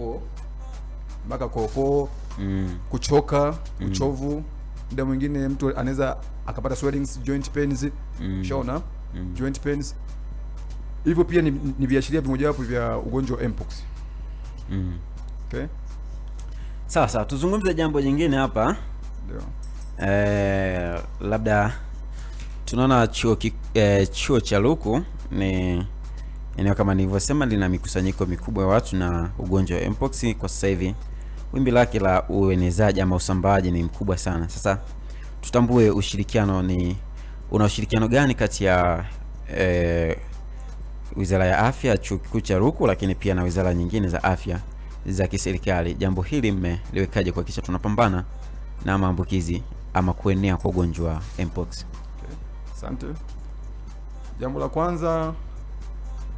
kookoo mpaka kookoo mm. kuchoka mm. uchovu, muda mwingine mtu anaweza akapata swellings, joint pains mm. shaona mm. joint pains hivyo pia ni, ni viashiria vimojawapo vya ugonjwa wa mpox mm. okay. Sawa sawa, tuzungumze jambo jingine hapa ndio. Eh, labda tunaona chuo, eh, chuo cha luku ni Eneo kama nilivyosema lina mikusanyiko mikubwa ya watu na ugonjwa wa mpox kwa sasa hivi wimbi lake la uenezaji ama usambaaji ni mkubwa sana. Sasa tutambue ushirikiano ni una ushirikiano gani kati ya e, Wizara ya Afya, Chuo Kikuu cha Ruku, lakini pia na wizara nyingine za afya za kiserikali. Jambo hili mmeliwekaje kuhakikisha tunapambana na maambukizi ama kuenea kwa ugonjwa mpox? Asante. Jambo la kwanza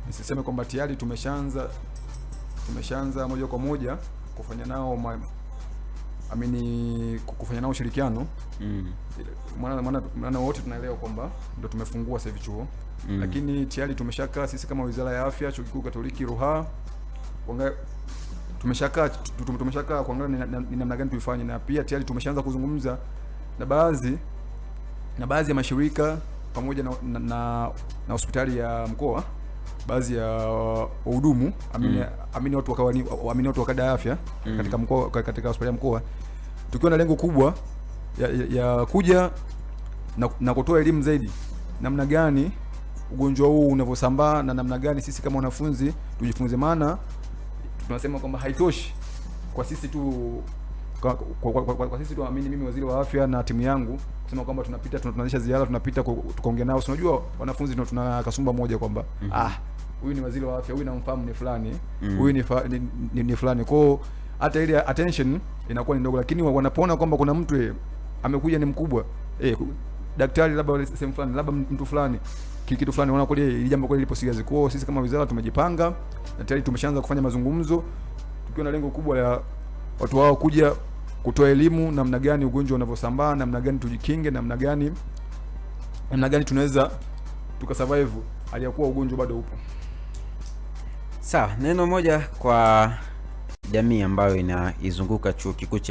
nisiseme kwamba tayari tumeshaanza tumeshaanza moja kwa moja kufanya nao ma, amini kufanya nao ushirikiano mm. maana wote tunaelewa kwamba ndo tumefungua sasa hivi chuo mm. lakini tayari tumeshakaa sisi kama wizara ya afya chuo kikuu katoliki Ruhaa tumeshakaa tumeshakaa kuangalia ni namna gani tuifanye na pia tayari tumeshaanza kuzungumza na baadhi na baadhi ya mashirika pamoja na, na, na, na hospitali ya mkoa baadhi ya uh, wahudumu mm. amini, watu wakawa amini watu wakada afya mm. katika mkoa katika hospitali ya mkoa tukiwa na lengo kubwa ya, ya, ya kuja na, na kutoa elimu zaidi namna gani ugonjwa huu unavyosambaa na namna gani sisi kama wanafunzi tujifunze, maana tunasema kwamba haitoshi kwa sisi tu kwa, kwa, kwa, kwa, kwa sisi tuamini, mimi waziri wa afya na timu yangu kusema kwamba tunapita tunaanzisha ziara, tunapita tukaongea nao. Unajua wanafunzi tuna kasumba moja kwamba mm -hmm. ah huyu ni waziri wa afya, huyu namfahamu ni fulani, mm. huyu mm. ni, ni, ni, ni fulani. kwao, hata ile attention inakuwa ni ndogo, lakini wanapoona kwamba kuna mtu eh, amekuja ni mkubwa eh, daktari labda sehemu fulani, labda mtu fulani kitu fulani, unaona kule eh, ile jambo kule lipo serious. Kwao sisi kama wizara tumejipanga na tayari tumeshaanza kufanya mazungumzo tukiwa na lengo kubwa la watu wao kuja kutoa elimu namna gani ugonjwa unavyosambaa, namna gani tujikinge, namna gani namna gani tunaweza tukasurvive aliyakuwa ugonjwa bado upo. Sawa, neno moja kwa jamii ambayo inaizunguka chuo kikuu cha